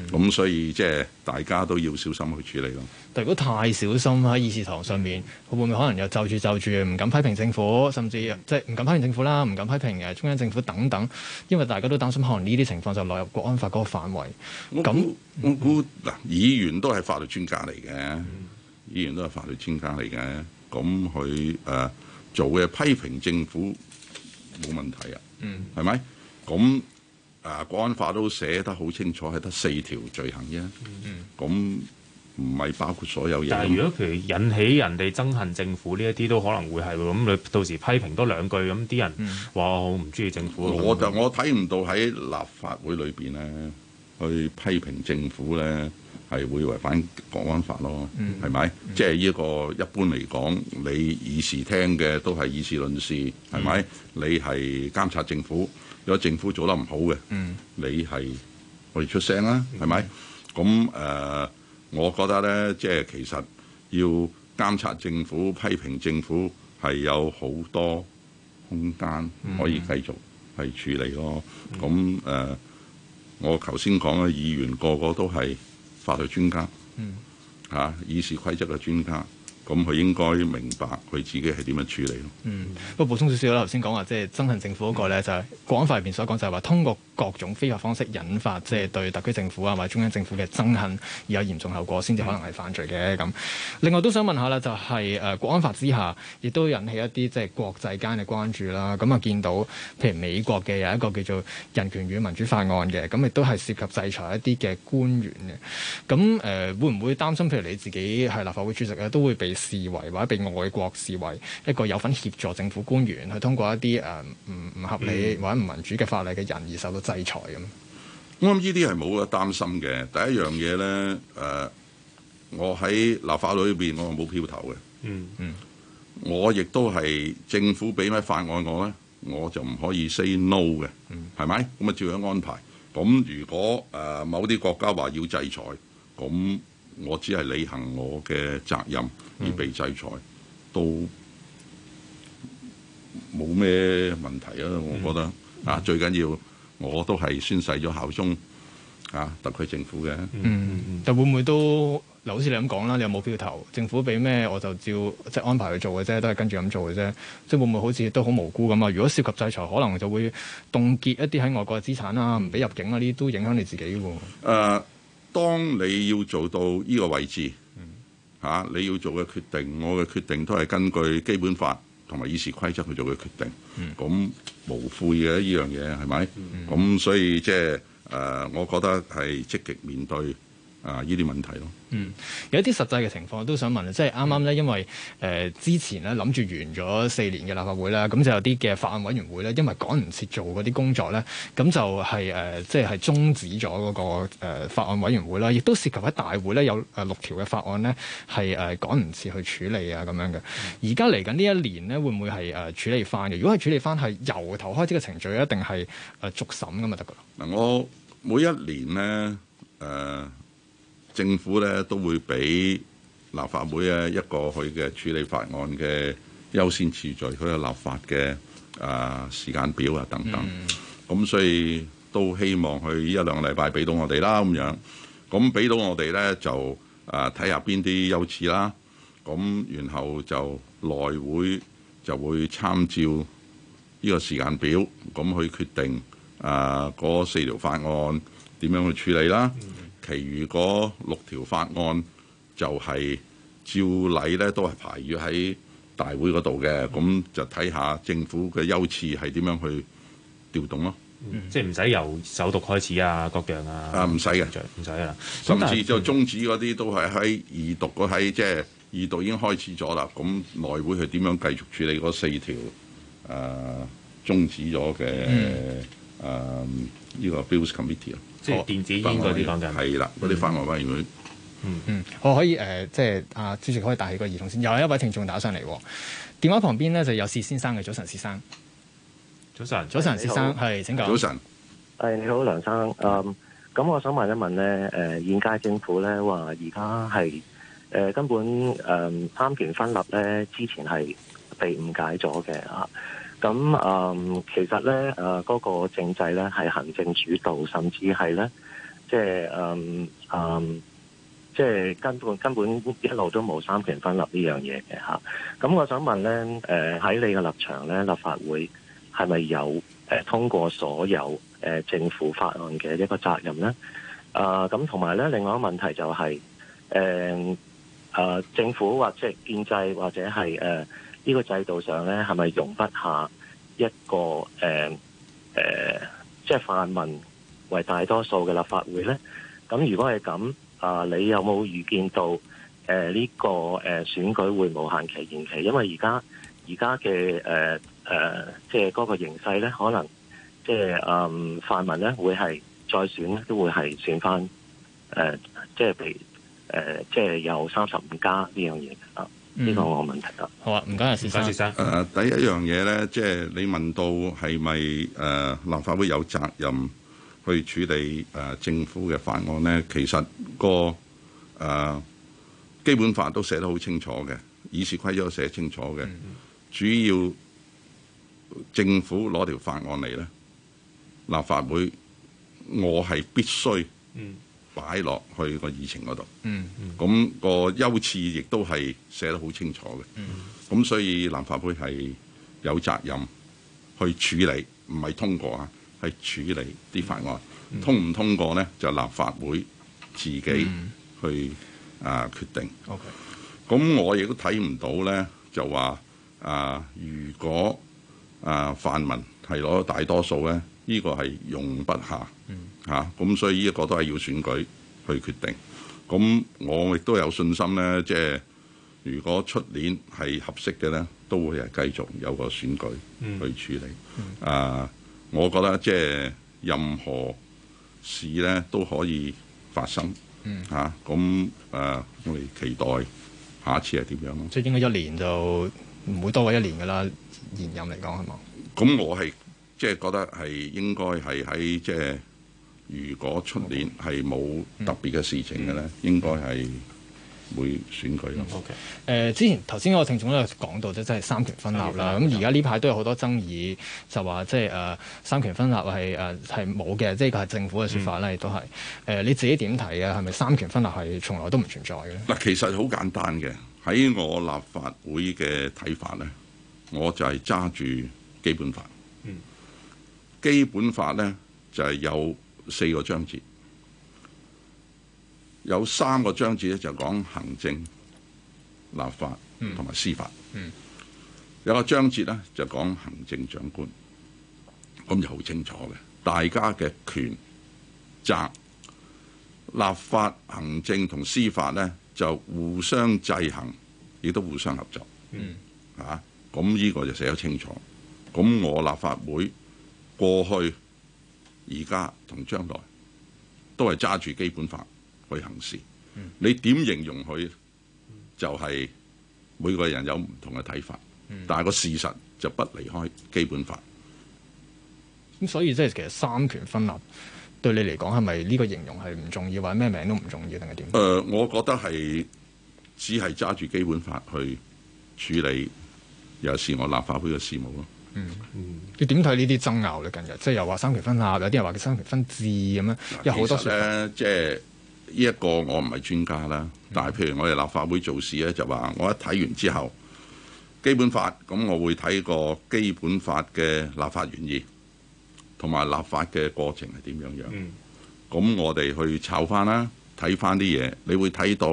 咁、嗯、所以即係、就是、大家都要小心去處理咯。但如果太小心喺議事堂上面，會唔會可能又就住就住唔敢批評政府，甚至即係唔敢批評政府啦，唔敢批評中央政府等等？因為大家都擔心可能呢啲情況就落入國安法嗰個範圍。我估那我估嗱，嗯、議員都係法律專家嚟嘅，嗯、議員都係法律專家嚟嘅，咁佢誒做嘅批評政府冇問題啊？嗯，係咪？咁啊！《國安法》都寫得好清楚，係得四條罪行啫。嗯。咁唔係包括所有嘢。但係如果佢引起人哋憎恨政府呢一啲，都可能會係喎。咁你到時批評多兩句，咁啲人話我唔中意政府。嗯、咁我就我睇唔到喺立法會裏邊咧，去批評政府咧，係會違反《國安法》咯。嗯。係咪？嗯、即係呢個一般嚟講，你以事聽嘅都係以事論事，係咪？嗯嗯、你係監察政府。如果政府做得唔好嘅，嗯、你係我哋出聲啦，係咪、嗯？咁誒、呃，我覺得呢，即係其實要監察政府、批評政府係有好多空間可以繼續去處理咯、哦。咁誒、嗯呃，我頭先講嘅議員個個都係法律專家，嚇議、嗯啊、事規則嘅專家，咁佢應該明白。佢自己係點樣處理咯？嗯，不過補充少少啦，頭先講話即係憎恨政府嗰個咧，就係、是《國安法》入邊所講，就係話通過各種非法方式引發即係、就是、對特區政府啊或者中央政府嘅憎恨，而有嚴重後果，先至可能係犯罪嘅咁。另外都想問下啦，就係誒《國安法》之下，亦都引起一啲即係國際間嘅關注啦。咁啊，見到譬如美國嘅有一個叫做《人權與民主法案》嘅，咁亦都係涉及制裁一啲嘅官員嘅。咁誒、呃，會唔會擔心？譬如你自己係立法會主席咧，都會被視為或者被外國視為一個有份協助政府官員去通過一啲誒唔唔，合理或者唔民主嘅法例嘅人而受到制裁咁。我諗呢啲係冇得擔心嘅。第一樣嘢咧，誒、呃，我喺立法會呢邊，我冇票頭嘅。嗯嗯，我亦都係政府俾咩法案我咧，我就唔可以 say no 嘅。嗯，係咪咁啊？照樣安排。咁如果誒、呃、某啲國家話要制裁，咁我只係履行我嘅責任而被制裁。都冇咩問題啊！嗯、我覺得、嗯、啊，最緊要我都係宣誓咗效忠啊，特區政府嘅、嗯。嗯，但會唔會都嗱？好似你咁講啦，你有冇票投，政府俾咩我就照即係安排去做嘅啫，都係跟住咁做嘅啫。即係會唔會好似都好無辜咁啊？如果涉及制裁，可能就會凍結一啲喺外國嘅資產啊，唔俾入境啊，呢啲都影響你自己喎、啊。誒、呃，當你要做到呢個位置。啊！你要做嘅決定，我嘅決定都係根據基本法同埋議事規則去做嘅決定。咁、嗯、無悔嘅呢、嗯、樣嘢係咪？咁所以即係誒，我覺得係積極面對。啊！呢啲問題咯，嗯，有啲實際嘅情況，我都想問，即係啱啱咧，因為誒、呃、之前咧諗住完咗四年嘅立法會啦，咁就有啲嘅法案委員會咧，因為趕唔切做嗰啲工作咧，咁就係誒、呃，即係終止咗嗰、那個、呃、法案委員會啦，亦都涉及喺大會咧有誒六條嘅法案呢係誒趕唔切去處理啊咁樣嘅。而家嚟緊呢一年呢，會唔會係誒、呃、處理翻嘅？如果係處理翻，係由頭開始嘅程序，一定係誒逐審咁咪得㗎？嗱、嗯，我每一年呢。誒、呃。呃呃呃政府咧都會俾立法會啊一個佢嘅處理法案嘅優先次序，佢嘅立法嘅啊、呃、時間表啊等等。咁、嗯嗯、所以都希望佢一兩個禮拜俾到我哋啦，咁樣。咁俾到我哋咧就啊睇下邊啲優次啦。咁然後就內會就會參照呢個時間表，咁去決定啊嗰、呃、四條法案點樣去處理啦。嗯嗯其餘嗰六條法案就係、是、照例咧，都係排於喺大會嗰度嘅，咁、嗯、就睇下政府嘅優次係點樣去調動咯、嗯，即係唔使由首讀開始啊，各樣啊，啊唔使嘅，唔使啊，甚至就後中止嗰啲都係喺二讀嗰喺即係二讀已經開始咗啦，咁內會係點樣繼續處理嗰四條啊中、呃、止咗嘅？嗯誒呢、嗯呢個 Bills Committee 啊、哦，即係電子煙嗰啲講緊，係啦，嗰啲範圍反義語。嗯嗯，好，可以誒、呃，即係啊，主席可以帶起個耳筒先。又有一位聽眾打上嚟，電話旁邊咧就有薛先生嘅，早晨，先生。早晨，早晨，早晨先生，係請講。早晨，係你好，梁生。嗯，咁我想問一問咧，誒，現屆政府咧話而家係誒根本誒三權分立咧，之前係被誤解咗嘅啊。咁啊、嗯，其實咧，啊、呃、嗰、那個政制咧係行政主導，甚至係咧，即係嗯嗯，即係根本根本一路都冇三權分立呢樣嘢嘅吓。咁、啊嗯、我想問咧，誒、呃、喺你嘅立場咧，立法會係咪有誒、呃、通過所有誒、呃、政府法案嘅一個責任咧？啊咁同埋咧，另外一個問題就係、是，誒、呃、啊、呃、政府或者建制或者係誒。呃呢個制度上咧，係咪容不下一個誒誒、呃呃，即係泛民為大多數嘅立法會咧？咁如果係咁啊，你有冇預見到誒呢、呃這個誒選舉會無限期延期？因為而家而家嘅誒誒，即係嗰個形勢咧，可能即係嗯、呃、泛民咧會係再選咧，都會係選翻誒、呃，即係譬如誒，即係有三十五加呢樣嘢啊！呢個我問題啦。 *noise* 好啊，唔該啊，先生。誒、 *noise* 呃，第一樣嘢咧，即係你問到係咪誒，立法會有責任去處理誒、呃、政府嘅法案咧？其實、那個誒、呃、基本法都寫得好清楚嘅，議事規則都寫清楚嘅， *noise* 主要政府攞條法案嚟咧，立法會我係必須。 *noise* *noise* 擺落去個議程嗰度，咁、嗯嗯、個優次亦都係寫得好清楚嘅。咁、嗯嗯、所以立法會係有責任去處理，唔係通過啊，係處理啲法案。嗯嗯、通唔通過咧，就立法會自己去、嗯、啊決定。咁 okay. 我亦都睇唔到咧，就話啊，如果啊泛民係攞到大多數咧，呢、呢個係容不下。嗯嚇，咁、啊、所以呢一個都係要選舉去決定。咁、啊、我亦都有信心咧，即係如果出年係合適嘅咧，都會係繼續有個選舉去處理。嗯嗯、啊，我覺得即係任何事咧都可以發生。嚇，咁啊，我、嗯、哋、啊啊、期待下一次係點樣咯、嗯嗯？即係應該一年就唔會多過一年㗎喇，現任嚟講係嘛？咁我係即係覺得係應該係喺即係。如果出年係冇特別嘅事情嘅咧，嗯、應該係會選舉咯。誒、嗯 okay. 呃，之前頭先個聽眾咧講到即係、就是、三權分立啦。咁而家呢排都有好多爭議，就話即係誒、呃、三權分立係誒係冇嘅，即係個係政府嘅説法咧，亦都係誒你自己點睇啊？係咪三權分立係從來都唔存在嘅咧？嗱，其實好簡單嘅，喺我立法會嘅睇法咧，我就係揸住基本法。嗯、基本法咧就係有。四個章節，有三個章節咧就講行政、立法同埋司法，嗯、有個章節咧就講行政長官，咁就好清楚嘅。大家嘅權責、立法、行政同司法咧就互相制衡，亦都互相合作。嗯、啊，咁呢個就寫得清楚。咁我立法會過去。而家同將來都係揸住基本法去行事，你點形容佢？就係、是、每個人有唔同嘅睇法，但係個事實就不離開基本法。咁、嗯、所以即係其實三權分立對你嚟講係咪呢個形容係唔重要，或者咩名都唔重要定係點？誒、呃，我覺得係只係揸住基本法去處理有事我立法會嘅事務咯。嗯嗯，嗯，你點睇呢啲爭拗咧？近日即係又話三權分立，有啲人話佢三權分治咁樣，有好多説法。其實咧，即係呢一個我唔係專家啦。嗯、但係譬如我哋立法會做事咧，就話我一睇完之後，基本法咁，我會睇個基本法嘅立法原意，同埋立法嘅過程係點樣樣。咁、嗯、我哋去炒翻啦，睇翻啲嘢，你會睇到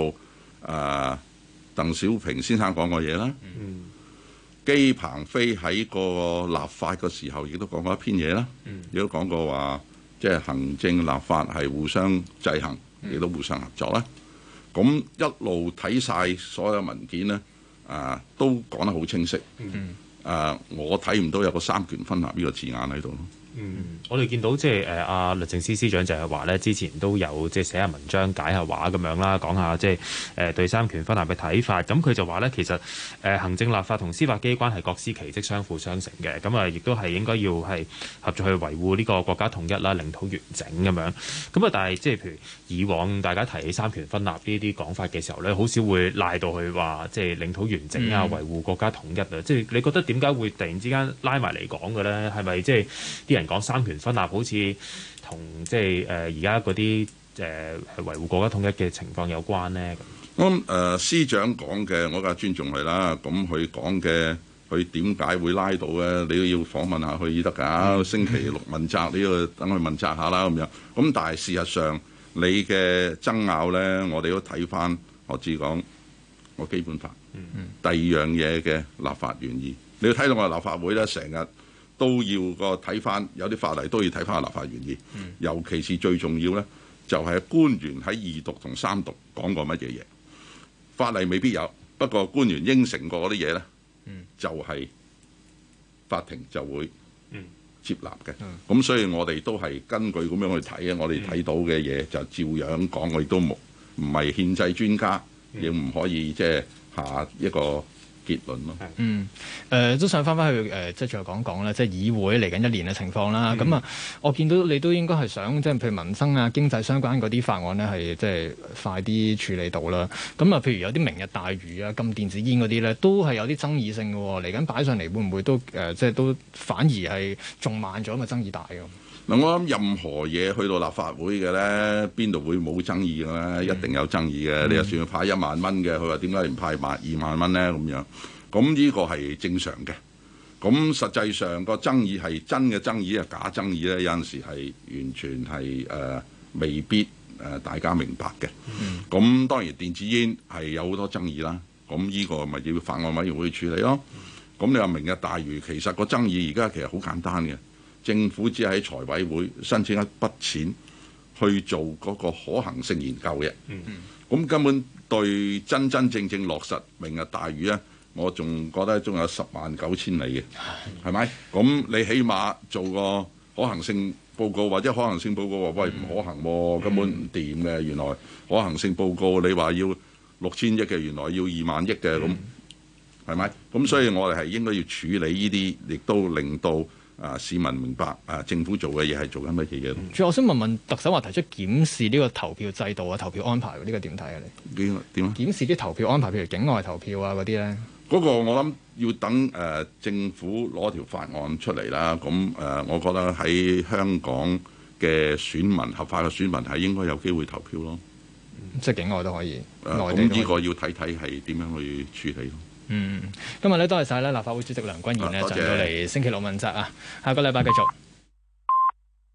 啊、呃，鄧小平先生講過嘢啦。嗯。嗯姬鵬飛喺個立法嘅時候，亦都講過一篇嘢啦，亦、嗯、都講過話，即係行政立法係互相制衡，亦都互相合作啦。咁一路睇晒所有文件咧，啊，都講得好清晰。嗯、啊，我睇唔到有個三權分立呢個字眼喺度咯。嗯，我哋見到即係誒阿律政司司長就係話咧，之前都有即係寫下文章解下話咁樣啦，講下即係誒對三權分立嘅睇法。咁佢就話咧，其實誒、呃、行政立法同司法機關係各司其職、相輔相成嘅。咁啊、呃，亦都係應該要係合作去維護呢個國家統一啦、領土完整咁樣。咁啊，但係即係譬如。以往大家提起三權分立呢啲講法嘅時候咧，好少會賴到佢話，即係領土完整啊，維護國家統一啊。嗯、即係你覺得點解會突然之間拉埋嚟講嘅咧？係咪即係啲人講三權分立好似同即係誒而家嗰啲誒維護國家統一嘅情況有關呢？咁咁誒司長講嘅，我梗尊重佢啦。咁佢講嘅，佢點解會拉到咧？你要訪問下佢先得㗎。嗯、星期六問責，你要等佢問責下啦，咁樣。咁但係事實上。你嘅爭拗咧，我哋都睇翻。我只講我基本法，第二樣嘢嘅立法原意，你要睇到我哋立法會咧，成日都要個睇翻有啲法例都要睇翻個立法原意。尤其是最重要咧，就係官員喺二讀同三讀講過乜嘢嘢，法例未必有，不過官員應承過嗰啲嘢咧，就係法庭就會。接納嘅，咁所以我哋都係根據咁樣去睇嘅。我哋睇到嘅嘢就照樣講，我哋都冇唔係憲制專家，亦唔可以即係、就是、下一個。結論咯。的嗯，誒、呃、都想翻翻去誒、呃，即係再講講啦，即係議會嚟緊一年嘅情況啦。咁啊、嗯，我見到你都應該係想，即係譬如民生啊、經濟相關嗰啲法案呢，係即係快啲處理到啦。咁啊，譬如有啲明日大嶼啊、禁電子煙嗰啲呢，都係有啲爭議性嘅、哦。嚟緊擺上嚟，會唔會都誒、呃，即係都反而係仲慢咗啊？嘛，爭議大咁。嗱，我諗任何嘢去到立法會嘅咧，邊度會冇爭議嘅咧？一定有爭議嘅。你就算要派一萬蚊嘅，佢話點解唔派萬二萬蚊咧？咁樣，咁呢個係正常嘅。咁實際上個爭議係真嘅爭議啊，假爭議咧，有陣時係完全係誒、呃、未必誒大家明白嘅。咁、嗯、當然電子煙係有好多爭議啦。咁呢個咪要法案委員會處理咯。咁你話明日大嶼，其實個爭議而家其實好簡單嘅。政府只係喺財委會申請一筆錢去做嗰個可行性研究嘅，咁、嗯嗯、根本對真真正正落實明日大嶼咧，我仲覺得仲有十萬九千里嘅，係咪唉？咁你起碼做個可行性報告或者可行性報告話喂唔可行喎、啊，根本唔掂嘅。嗯、原來可行性報告你話要六千億嘅，原來要二萬億嘅咁，係咪、嗯？咁、嗯、所以我哋係應該要處理呢啲，亦都令到。啊！市民明白啊！政府做嘅嘢係做緊乜嘢嘢？仲我想問問特首話提出檢視呢個投票制度啊、投票安排、呢個、呢個點睇啊？你點啊？檢視啲投票安排，譬如境外投票啊嗰啲咧？嗰個我諗要等誒、呃、政府攞條法案出嚟啦。咁誒、呃，我覺得喺香港嘅選民合法嘅選民係應該有機會投票咯。嗯、即係境外都可以。咁呢、啊、個要睇睇係點樣去處理咯。嗯，今日咧多謝晒咧立法會主席梁君彥咧，就多謝到嚟星期六問責啊，下個禮拜繼續。